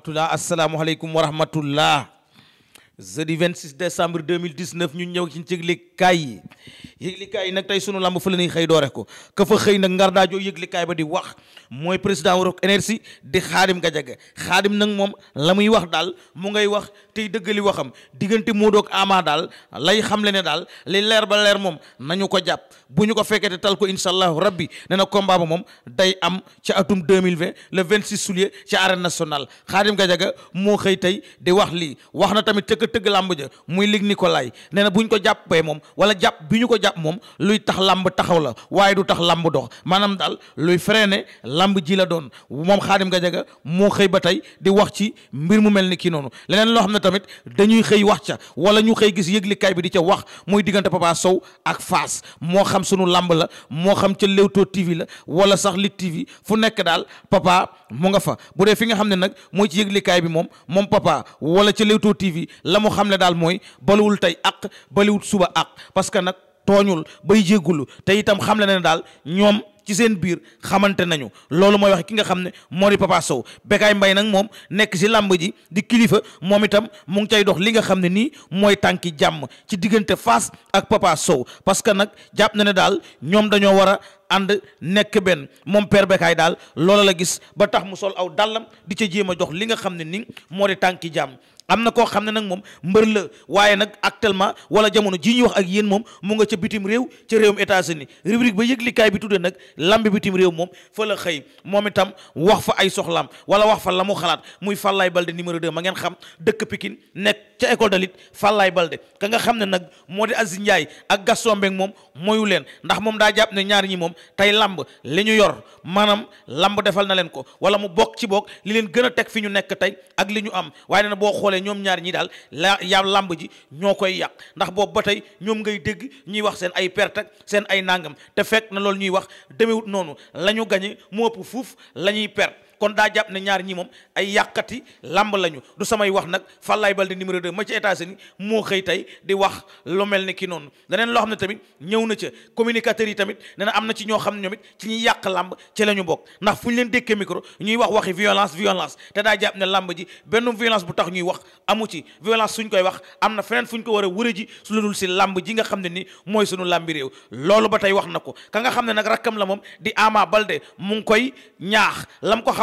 rahmatullah asalaamualeykum wa rahmatullah deux mille décembre 2019 ñu ñëw ci njëgle kaay yi yëglikaay yi nag tey sunu lamb fa la ñuy xëy doore ko ka fa xëy nag ngar daajoo yëglikaay ba di wax mooy président wu Rock Énergie di Xaadim Gajaga Xaadim nag moom la muy wax daal mu ngay wax tey dëggali waxam diggante moo ak Ama daal lay xamle ne daal li leer ba leer moom nañu ko jàpp bu ñu ko fekkee te tal ko incha allahu rabbi nee na combat ba moom day am ci atum 2020 le 26 ca ci arène national Xaadim Gajaga moo xëy tey di wax lii wax na tamit tëgg tëgg làmb ja muy lig Nicolas nee na bu ko jàpp bi jàpp moom luy tax làmb taxaw la waaye du tax làmb dox maanaam daal luy freiné làmb ji la doon moom Khadim Gadiaga moo xëy ba tey di wax ci mbir mu mel ni kii noonu leneen loo xam ne tamit dañuy xëy wax ca wala ñu xëy gis yëglikaay bi di ca wax mooy diggante Papa Sow ak Fass moo xam sunu làmb la moo xam ca Leewtoo TV la wala sax li TV fu nekk daal Papa mu nga fa bu dee fi nga xam ne nag mooy ci yëglikaay bi moom moom Papa wala ca Leewtoo TV la mu xam ne daal mooy tooñul bay jéggulu tey itam xam na ne daal ñoom ci seen biir xamante nañu loolu mooy wax ki nga xam ne moo di Papa Sow Bécaye mbay nag moom nekk ci làmb ji di kilifa moom itam mu ngi cay dox li nga xam ne nii mooy tànki jàmm ci diggante Fass ak Papa Sow parce que nag jàpp na ne daal ñoom dañoo war a ànd nekk benn moom père Bécaye daal loola la gis ba tax mu sol aw dàllam di ca jéem a jox li nga xam ne ni moo di tànki jàmm am na koo xam ne nag moom mbër la waaye nag actuellement wala jamono ji ñuy wax ak yéen moom mu nga ca bitim réew ca réewum états uni rubrique ba yëglikaay bi tuddee nag lamb bitim réew moom fa xëy moom itam wax fa ay soxlaam wala wax fa la mu xalaat muy Fallaye Balde numéro 2 ma ngeen xam dëkk Pikine nekk ca école de lutte Fallaye Balde ka nga xam ne nag moo di Aziz Ndiaye ak Gaston Mbengue moom moyu leen ndax moom daa jàpp ne ñaar ñi moom tey làmb li ñu yor maanaam lamb defal na leen ko wala mu bokk ci bokk li leen gën a teg fi ñu nekk tey ak ñoom ñaar ñi daal la yaa làmb ji ñoo koy yàq ndax boobu ba tey ñoom ngay dégg ñuy wax seen ay perte ak seen ay nangam te fekk na loolu ñuy wax demewut noonu la ñu gañe mu ëpp fuuf la ñuy perte kon daa jàpp ne ñaar ñi moom ay yàqati lamb lañu du samay wax nag Falaye Baldé numéro 2 ma ci États-Unis moo xëy tey di wax lu mel ni ki noonu leneen loo xam ne tamit ñëw na ca communicateurs yi tamit nee am na ci ñoo xam ne ñoom it ci ñuy yàq làmb ci la ñu bokk ndax fu ñu leen dékkee micro ñuy wax waxi violence violence te daa jàpp ne lamb ji benn violence bu tax ñuy wax amu ci violence suñ koy wax am na feneen fu ñu ko war a ji su lu dul si làmb ji nga xam ne ni mooy suñu làmbi réew loolu ba tey wax na ko ka nga xam ne nag rakkam la moom di Ama Baldé mu ngi koy ñaax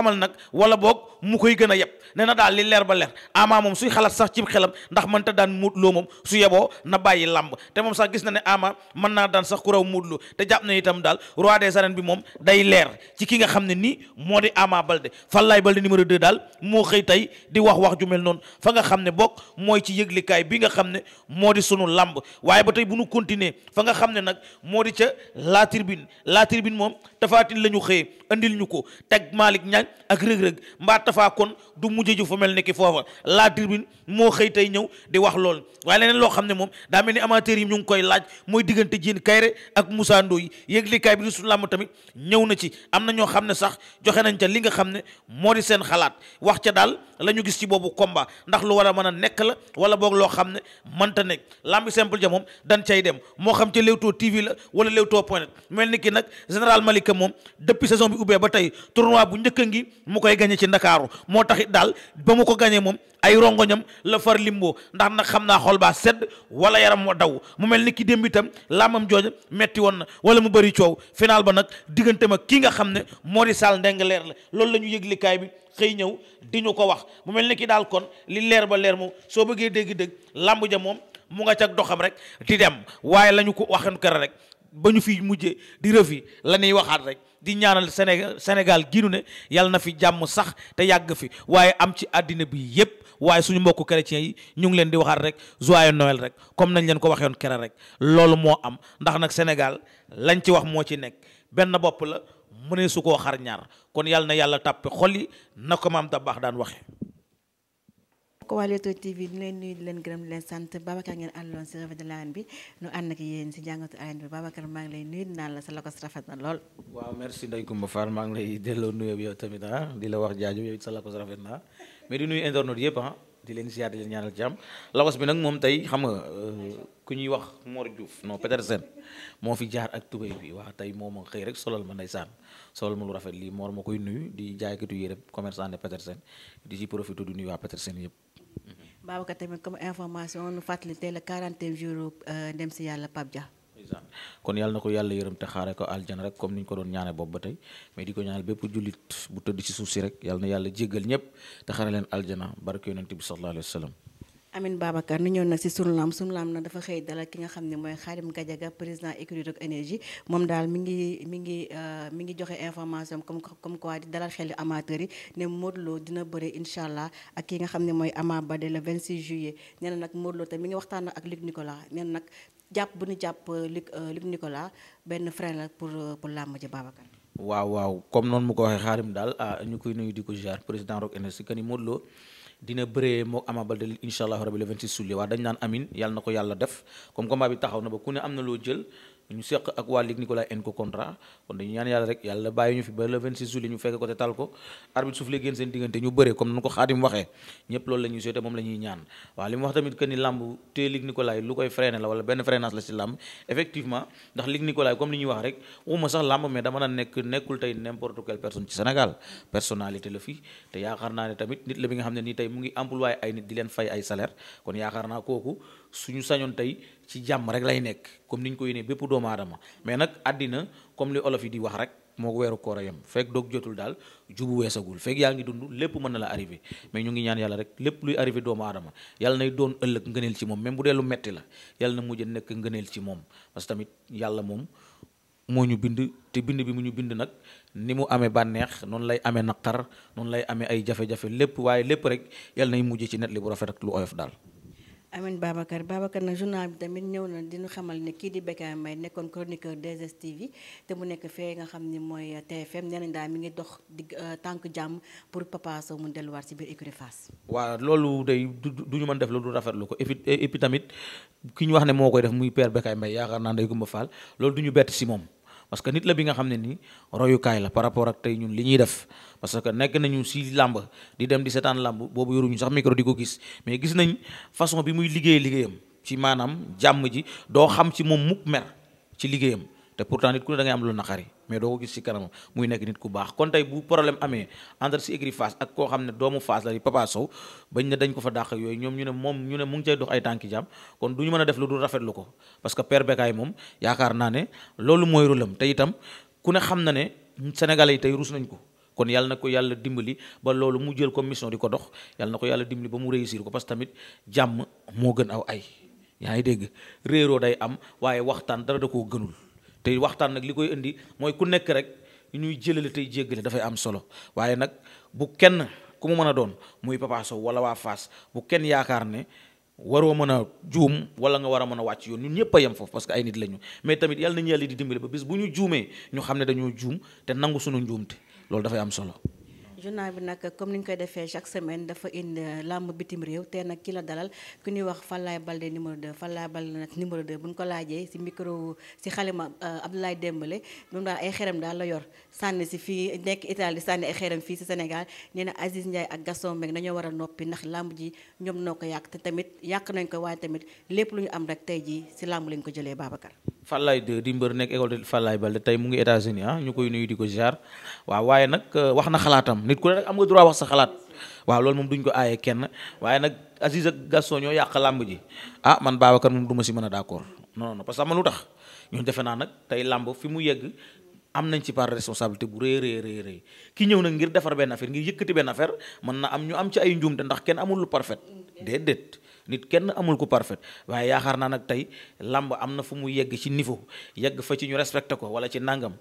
xamal nag wala boog mu koy gën a yeb ne na daal li leer ba leer ama moom suy xalaat sax cib xelam ndax man mënta daan muutloo moom su yeboo na bàyyi làmb te moom sax gis na ne ama mën naa daan sax ku raw muutloo te jàpp na itam daal roi des arènes bi moom day leer ci ki nga xam ne nii moo di ama balde fallaay balde numéro 2 daal moo xëy tey di wax wax ju mel noonu fa nga xam ne bokk mooy ci yëglikaay bi nga xam ne moo di sunu làmb waaye ba tey bu nu continuer fa nga xam ne nag moo di ca la tribune la tribune moom tafaatin la ñu xëyee andil ñu ko teg Malick Niang ak rëg-rëg mbaa tafaa kon du mujj ju fu mel ni ki foofa laa tribune moo xëy tey ñëw di wax lool waaye leneen loo xam ne moom daa mel ni amateur yi ñu ngi koy laaj mooy diggante Diène Kaïré ak Moussa Ndoye kaay bi di suñu làmb tamit ñëw na ci am na ñoo xam ne sax joxe nañ ca li nga xam ne moo di seen xalaat wax ca daal la ñu gis ci boobu combat ndax lu war a mën a nekk la wala boog loo xam ne mënta nekk lambi simple ja moom dan cay dem moo xam ca Leewtoo TV la wala Leewtoo point net mel ni nag général Malika moom depuis saison bi ubbee ba tey tournoi bu njëkk a ngi mu koy gañe ci ndakaaru moo taxit daal ba mu ko gañee moom ay rongoñam la far limboo ndax nag xam naa xol baa sedd wala yaram wa daw mu mel ni ki démb itam laamam jooja metti woon na wala mu bëri coow final ba nag diggante ma kii nga xam ne moo di Saal ndeng leer la loolu la ñu yëglikaay bi xëy ñëw di ñu ko wax mu mel ni ki daal kon li leer ba leer moom soo bëggee dégg-dégg làmb ja moom mu nga cag doxam rek di dem waaye la ñu ko waxen kër rek ba ñu fi mujje di rëfi la ñuy waxaat rek di ñaanal Sénégal Sénégal giinu ne yàlla na fi jàmm sax te yàgg fi waaye am ci àddina bi yépp waaye suñu mbokku chrétiens yi ñu ngi leen di waxaat rek joyeux Noël rek comme nañ leen ko waxee woon kere rek loolu moo am ndax nag Sénégal lañ ci wax moo ci nekk benn bopp la mënee su koo xar ñaar kon yàlla na yàlla tàppe xol yi na ko maam da baax daan waxe ko waa Leewtoo TV ñu leen nuyu di leen gërëm di leen sant Babacar ngeen àndoon bi nu ànd ak yéen si jàngatu arène bi maa ngi lay nuyu dinaa la sa lokos rafet na lool waaw merci Ndeye maa ngi lay delloo nuyu bi yow tamit ah la wax jaaju sa lokos rafet na ah. mais di nuyu internautes yëpp ah di leen siyaar di leen la jàmm lokos bi nag moom tey xam nga euh, ku ñuy wax Mor Diouf non Petersen moo fi jaar ak tubéy bi waa tey moo ma xëy rek solal ma ndeysaan solal ma lu rafet lii Mor ma koy nuyu di jaaykatu yére commerçant de Petersen di ci profité du nuyu waa Petersen yëpp Babacar tamit comme information nu fàttali tey le quarantième jour euh, dem si yàlla Pape Dia. kon yàlla na ko yàlla yërëm te xaare ko aljana rek comme ni ñu ko doon ñaane boobu ba tey mais di ko ñaanal bépp jullit bu tëdd ci suuf si rek yàlla na yàlla jéggal ñëpp te xaare leen aljana barke yonent bi sallallahu alayhi wa sallam Amine Babacar ñu ñëw nag si sunu laam sunu laam nag dafa xëy dalal ki nga xam ne mooy Khadim Gadiaga président écurie Rock Énergie moom daal mi ngi mi ngi euh, mi ngi joxe information comme comme quoi di dalal xelu amateurs yi ne Modou Lo dina bëre incha allah ak ki nga xam ne mooy Ama Baldé le 26 juillet nee na nag Modou Lo tamit mi ngi waxtaan ak Luc Nicolas nee na nag jàpp bu ñu jàpp euh, Luc euh, Luc Nicolas benn frein la pour pour làmb ji Babacar. waaw waaw comme noonu mu ko waxee Khadim daal ah ñu koy nuyu di ko ziar président Rock Énergie que ni Modou Lo dina bëree moo Ama Baldé incha allah rabi le 26 juillet waa dañ naan amin yàlla na ko yàlla def comme combat bi taxaw na ba ku ne am na loo jël ñu seq ak waa Ligue Nicolas N ko contrat kon dañu ñaan yàlla rek yàlla bàyyi ñu fi ba le 26 juillet ñu fekk ko te tal ko arbitre suuf lee génn seen diggante ñu bëree comme nanu ko xaadim waxee ñëpp loolu la ñuy souhaité moom la ñaan waaw li mu wax tamit que làmb te Ligue Nicolas lu koy freiné la wala benn freinage la ci làmb effectivement ndax Ligue Nicolas comme li ñuy wax rek waxuma sax làmb mais dama naan nekk nekkul tey n'importe quelle personne ci naa ne tamit nit la nga xam ne nii tey mu ngi employé ay nit di leen fay ay salaire suñu sañoon tey ci jàmm rek lay nekk comme ni ñu ko yéenee bépp doomu aadama mais nag àddina comme li olof yi di wax rek moo weeru koor a yem fekk doog jotul daal jubu weesagul fekk yaa ngi dund lépp mën na la arriver mais ñu ngi ñaan yàlla rek lépp luy arrivé doomu aadama yàlla nay doon ëllëg ngëneel ci moom même bu dee lu metti la yàlla na mujj nekk ngëneel ci moom parce que tamit yàlla moom moo ñu bind te bind bi mu ñu bind nag ni mu amee bànneex noonu lay amee naqar noonu lay amee ay jafe lépp waaye lépp rek yàlla nay mujj ci net li bu rafet ak daal amin Babacar Babacar nag journal bi tamit ñëw na dina xamal ne kii di Bécaye Mbaye nekkoon chroniqueur 2STV te mu nekk fee nga xam ni mooy TFM nee nañ daal mi ngi dox digg euh, tànk jàmm pour Papa Sow mu delluwaat si biir écurie Fass waaw loolu day du ñu mën def lu du rafetlu ko et puis tamit ki ñu wax ne moo koy def muy père Bécaye Mbaye yaakaar naa day gumba faal loolu du ñu bett si moom parce que nit la bi nga xam ne ni royukaay la par rapport ak tey ñun li ñuy def parce que nekk nañu si làmb di dem di seetaan làmb boobu yoruñu sax micro di ko gis mais gis nañ façon bi muy liggéey liggéeyam ci maanaam jàmm ji doo xam ci moom mukk mer ci liggéeyam te pourtant nit ku ne da ngay am lu naqari mais doo ko gis ci kanam muy nekk nit ku baax kon tey bu problème amee entre ci écurie Fass ak koo xam ne doomu Fass la di Papa Sow bañ dañ ko fa dàq yooyu ñoom ñu ne moom ñu ne mu ngi cay dox ay tànki jàmm kon du mën a def lu dul rafetlu ko parce que père Bécaye moom naa ne loolu mooy rôlam te itam ku ne xam na ne sénégalais yi tey ruus nañ ko kon yàlla na ko yàlla dimbali ba loolu mu jël ko mission di ko dox yàlla na ko yàlla dimbali ba mu réussir ko parce que tamit jàmm moo gën aw ay yaa ngi dégg réeroo day am waaye waxtaan dara da koo gënul tey waxtaan nag li koy indi mooy ku nekk rek ñuy jëlale tey jéggale dafay am solo waaye nag bu kenn ku mu mën a doon muy Papa Sow wala waa Fass bu kenn yaakaar ne waroo mën a juum wala nga war a mën a wàcc yoon ñun ñëpp a yem foofu parce que ay nit lañu mais tamit yàlla nañu yàlla di dimbali ba bis bu ñu juumee ñu xam ne dañoo juum te nangu suñu njuumte loolu dafay am solo. journal bi nag comme ni ñu koy defee chaque semaine dafa indi euh, làmb bitim réew te nag ki la dalal ku ñuy wax Fallaye Balde numéro 2 Fallaye Balde nag numéro 2 bu ñu ko laajee si micro si xalima euh, Abdoulaye Dembélé moom daal ay xeeram daal la yor sànni si fii nekk Italie sànni ay xeeram fii si Sénégal nee na Aziz Ndiaye ak Gaston Mbengue dañoo war a noppi ndax làmb ji ñoom noo ko yàq te tamit yàq nañ ko waaye tamit lépp lu ñu am rek tey jii si làmb lañ ko jëlee Babacar. Fallaye 2 di mbër nekk école de Fallaye Balde tey mu ngi États-Unis ah ñu koy nuyu di ko ziar waaw waaye nag euh, wax na xalaatam nit ku ne am nga droit moom duñ ko aaye kenn waaye nag Aziz ak Gaston ñoo yàq làmb ji ah man Babacar moom du ma si mën a d'accord non non parce que am lu tax ñun defe naa nag tey làmb fi mu yegg am na ci part responsabilité bu rëy rëy rëy rëy ki ñëw nag ngir defar benn affaire ngir yëkkati benn affaire mën na am ñu am ci ay njuumte ndax kenn amul lu parfait déedéet nit kenn amul ku parfait waaye yaakaar naa nag tey làmb am na fu mu yegg ci niveau yegg fa ci ñu respecté ko wala ci nangam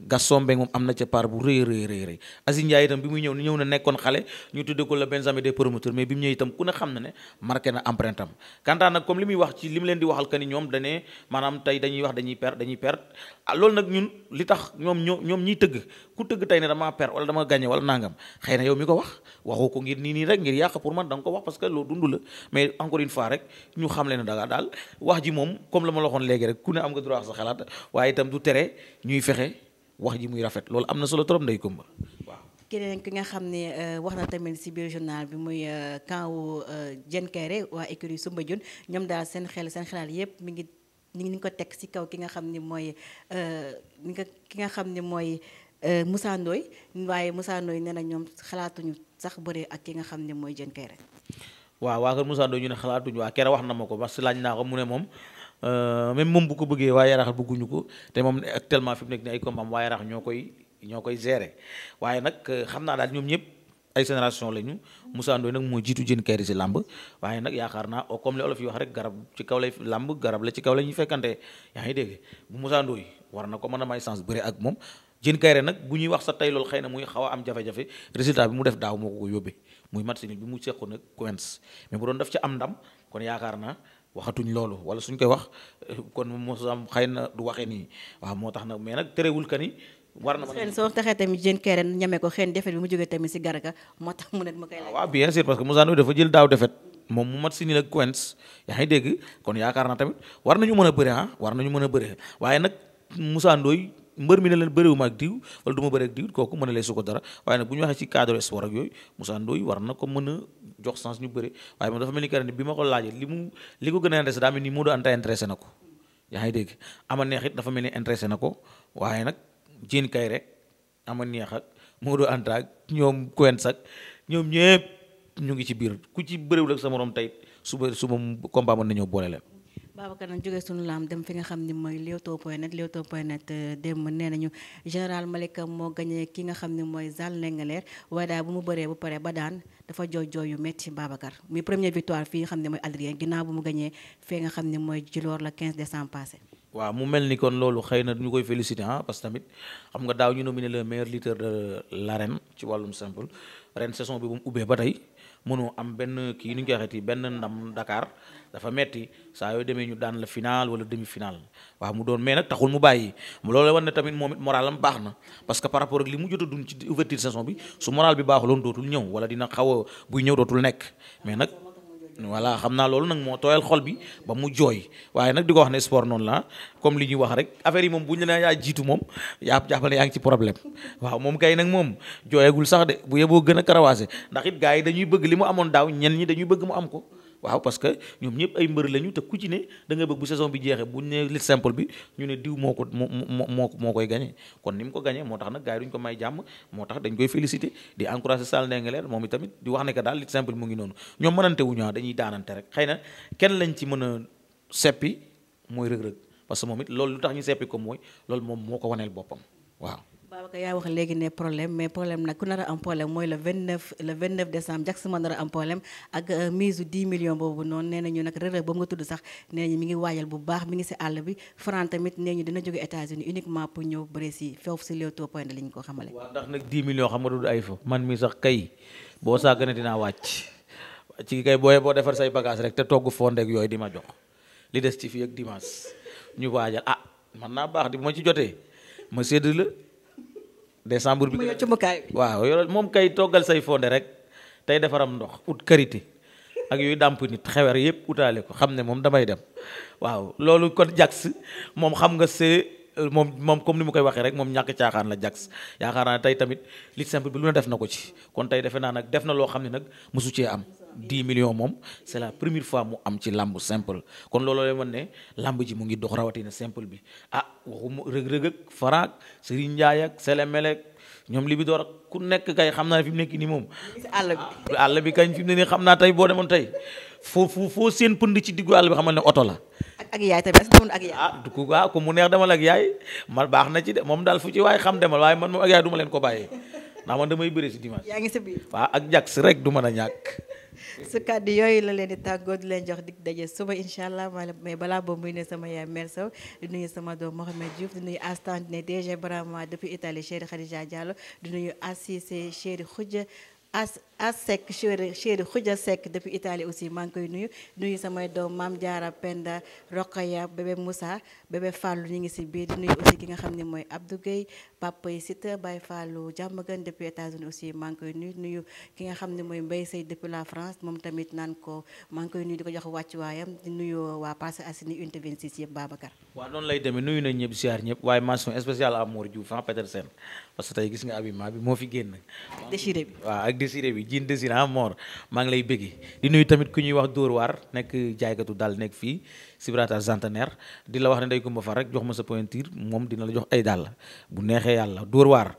Gaston Mbengue moom am na ca part bu rëy rëy rëy rëy Aziz itam bi muy ñëw ni ñëw na nekkoon xale ñu tudde ko le Benjamin des promoteurs mais bi mu ñëw ku ne xam na ne marqué na empreinte am kantaan nag comme li wax ci li mu leen di waxal que ni ñoom dane maanaam tey dañuy wax dañuy perte dañuy perte ah li tax ñoom ñoo ñoom ñiy tëgg ku tëgg tey ne damaa perte wala dama gagné wala nangam xëy na yow mi ko wax waxu ko ngir nii nii rek ngir yàq pour man da nga ko wax parce que loolu dund la mais encore une fois rek ñu xam leen da nga daal wax ji moom comme la ma la waxoon léegi rek ku ne am nga droit sa xalaat waaye itam du tere ñuy fexe wax ji muy rafet loolu am na solo trop ndey Kumba waaw. keneen ki nga xam ne euh, wax na tamit si biir journal bi muy euh, kawu euh, Diène Kairé waa écurie Sumba Jun ñoom daal seen xel seen xalaat yépp mi ngi ni ngi ko teg si kaw ki nga xam ni mooy ki nga xam ne mooy Moussa Ndoye waaye Moussa Ndoye nee na ñoom xalaatuñu sax bëre ak ki nga xam ne mooy Diène Kairé. waaw waa kër Moussa Ndoye ñu ne xalaatuñu waa Kairé wax na ma ko parce que laaj naa ko mu ne moom. Euh, même moom bu ko bëggee waa yaraax bëgguñu ko te moom actuellement fi mu nekk nii ay combat am waa ñoo koy ñoo koy gérer waaye nag euh, xam naa daal ñoom ñëpp ay génération lañu Moussa Ndoye nag moo jiitu jën kayri si làmb waaye nag yaakaar naa oh, comme li olof rek garab ci kaw lay làmb garab la ci kaw la ñuy fekkante yaa ngi dégg bu Moussa war na ko mën a may chance bëre ak moom jën kayre nag bu ñuy wax sa tey loolu xëy na muy xaw am jafe-jafe résultat bi mu def daaw moo ko ko yóbbee muy match bi mu seqoon nag Queens mais bu doon def ci am ndam kon yaakaar naa waxatuñ loolu wala suñ koy wax kon mosam xëy na du waxee nii waaw moo tax nag mais nag terewul ka ni. war na mën soo taxee tamit jën keren ñame ko xëy na defet bi mu jógee tamit si garaka moo tax mu ne ma koy laaj. waaw bien sûr parce que Moussa Ndoye dafa jël daaw defet moom mu mat si ni la Queens yaa ngi dégg kon yaakaar naa tamit war nañu mën a bëre ah war nañu mën a bëre waaye nag Moussa Ndoye mbër mi ne leen bëriwuma ak diw wala du ma bëri ak diw kooku mën a leesu ko dara waaye nag bu ñu waxee ci cadre sport ak yooyu Moussa Ndoye war na ko mën a jox sens ñu bëre waaye moom dafa mel ni que bi ma ko laajee li mu li ko gën a intéressé daa mel ni Modou na ko yaa ngi dégg ama neex it dafa mel ni intéressé na ko waaye nag Diène Kaïré ama neex ak Modou Anta ak ñoom Coence ak ñoom ñëpp ñu ngi ci biir ku ci bëriwul ak sa moroom tey suba suba combat mën nañoo boole leen Babacar nañ jógee suñu laam dem fi nga xam ni mooy Leewtoo point net Leewtoo point net euh, démb nee nañu général Malika moo gañee ki nga xam ni mooy Zal Ndingler waaye daal bu mu bëree bu pare ba daan dafa jooy jooy yu metti Babacar muy première victoire fii nga xam ne mooy Adrien ginnaaw bu mu gañee fee nga xam ni mooy Djilor la 15 décembre passé waaw mu mel ni kon loolu xëy na duñu koy félicité ah parce tamit xam nga daaw ñu nominé le meilleur lutteur de l'arène ci wàllum simple ren saison bi bu mu ubbee ba tey mënoo am benn kii nu ñu koy waxeeti benn ndam Dakar dafa metti saa yoo demee ñu daan la final wala demi final waaw mu doon mais nag taxul mu bàyyi mu loolu wan ne tamit moom it am baax na parce que par rapport ak li mu jota a dund ci ouverture saison bi su moral bi baaxuloon dootul ñëw wala dina xaw a buy ñëw dootul nekk mais nag voilà xam naa loolu nag moo tooyal xol bi ba mu jooy waaye nag di ko wax ne sport noonu la comme li ñuy wax rek affaire yi moom bu ñu la yaa jiitu moom yaa jàppale yaa ngi ci problème waaw moom kay nag moom jooyagul sax de bu yeboo gën a karawaase ndax it gars yi dañuy bëgg li mu amoon daaw ñen ñi dañuy bëgg mu am ko waaw parce que ñoom ñëpp ay mbër lañu te ku ci ne da nga bëgg bu saison bi jeexee buñ ne lit simple bi ñu ne diw moo ko moo moo moo koy gagné kon ni mu ko gagné moo tax nag gars yi ko may jàmm moo tax dañ koy félicité di encouragé Sall Ndengeler moom itamit di wax ne que daal lit simple mu ngi noonu ñoom mënante wu ñu ah, dañuy daanante rek xëy na kenn lañ ci mën a seppi mooy rëg-rëg parce que moom it loolu lu tax ñu seppi ko mooy loolu moom moo ko waneel boppam waaw Babacar yaa wax léegi ne problème mais problème nag ku nar a am problème mooy le 29 le 29 décembre jax sama nar a am problème ak euh, mise u 10 boobu noonu nee nañu nag rërëb ba mu nga tudd sax nee nañu mi ngi waajal bu baax mi ngi si àll bi Franc tamit nee ñu dina jóge États-Unis uniquement pour ñëw bëre si foofu si Leewtoo point de ko xamale waaw ndax nag 10 millions xam nga du ay fa man mi sax kay boo saa gën a wàcc de décembre bi waaw yore moom kay toggal say fonde rek tey defaram ndox ut karité ak yooyu dàmp nit xewer yëpp utaale ko xam ne moom damay dem waaw loolu kon jax moom xam nga see euh, moom moom comme ni mu koy waxee rek moom ñàkk caaxaan la jax yaakaar naa tey tamit li simple bi lu ne def na ko ci kon tey defe naa nag def na loo xam ne nag mosu cee am dix million moom c'est la première fois mu am ci làmb simple kon looloo leen wan ne làmb ji mu ngi dox rawatina simple bi ah waxuma rëg-rëg ak faraak Serigne Ndiaye ak Selemelek ñoom li bi door ku nekk kay xam naa fi mu nekk nii moom. àll àll bi kañ fi ne nii xam naa tey boo demoon tey foo foo foo seen ci diggu àll bi xamal ne oto la. ak ak yaay. ah du ah, ku mu neex demal ak yaay man baax na ci de moom daal fu ci waaye xam demal waaye man moom ak yaay du leen ko bàyyee ndax man damay bëre si dimanche. yaa ngi sa biir waaw ak jagsi rek du mën a ñàkk. su kàddu yooyu la leen di tàggoo di leen jox dig daje suba incha allah mais balaa boobu muy ne sama yaay Mère Sow di nuyu sama doom Mohamed Diouf di nuyu Astane ne DG Brahma depuis Italie chéri Khadija Diallo di nuyu Assise chéri Khoudia as as Seck chéri chéri Khoudia Seck depuis Italie aussi maa ngi koy nuyu nuyu samay doom Maam Jaara Penda Rokhaya bébé Moussa bébé Fallou ñu ngi si biir di nuyu aussi ki nga xam ne mooy Abdou Gueye papa yi Sita Baye Fallou jàmmagan depuis États-Unis aussi maa koy nuyu nuyu ki nga xam ne mooy Mbaye Sey depuis la France moom tamit naan ko maa ngi koy nuyu di ko jox wàccu waayam di nuyu waa Parcelles Assainies Unité 26 yëpp Babacar waaw noonu lay demee nuyu parce que tey gis nga habillement bi moo fi génn. désiré bi waaw ak désiré bi jiin désiré ah Mor maa ngi lay bëgg di nuyu tamit ku ñuy wax Dóor waar nekk jaaykatu dal nekk fii Sibirata centenaire di la wax ne day kumba far rek jox ma sa pointure moom dina la jox ay dàll bu neexee yàlla dóor waar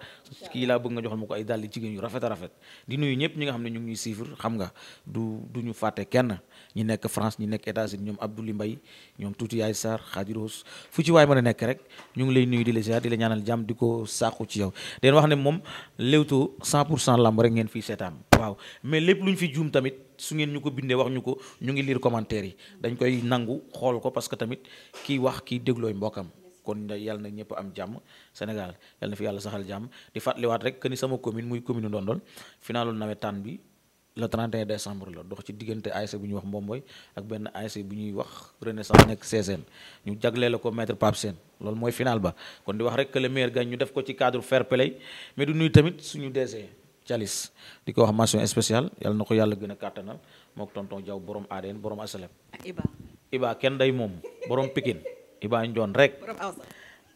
kii laa bëgg nga joxal ma ko ay dàll jigéen yu rafet a rafet di nuyu ñëpp ñi nga xam ne ñu ngi ñuy suivre xam nga du du ñu fàtte kenn ñi nekk France ñi nekk États-Unis ñoom Abdoulaye Mbaye ñoom Tuuti Yaay Sarr Xaadiroos fu ci waay mën a nekk rek ñu ngi lay nuyu di la ziar di la ñaanal jàmm di ko sàqu ci yow den wax ne moom Leewtoo 100 pour cent lamb rek ngeen fiy seetaan su ngeen ñu ko bindee wax ñu ko ñu ngi liir commentaire yi dañ koy nangu xool ko parce que tamit kiy wax kiy déglooy mbokkam kon yal na ñëpp am jàmm Sénégal yàlla na fi yàlla saxal jàmm di fàttaliwaat rek que ni sama commune muy commune Ndondol finalu nawetaan bi le 31 décembre la dox ci diggante ASC bu ñu wax Mbomboy ak benn ASC bu ñuy wax Renaissance nekk CSN ñu jagleel la ko maître Pape Sène loolu mooy final ba kon di wax rek que ñu def ko ci cadre fair play mais du nuyu tamit suñu Thialis di ko wax mention spéciale yàlla na ko yàlla gën a kàttanal mook tonton Diaw borom ADN borom asalem ibaa Iba kenn day moom boroom pikin Iba Ndione rek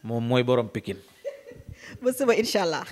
moom mooy boroom pikin ba suba incha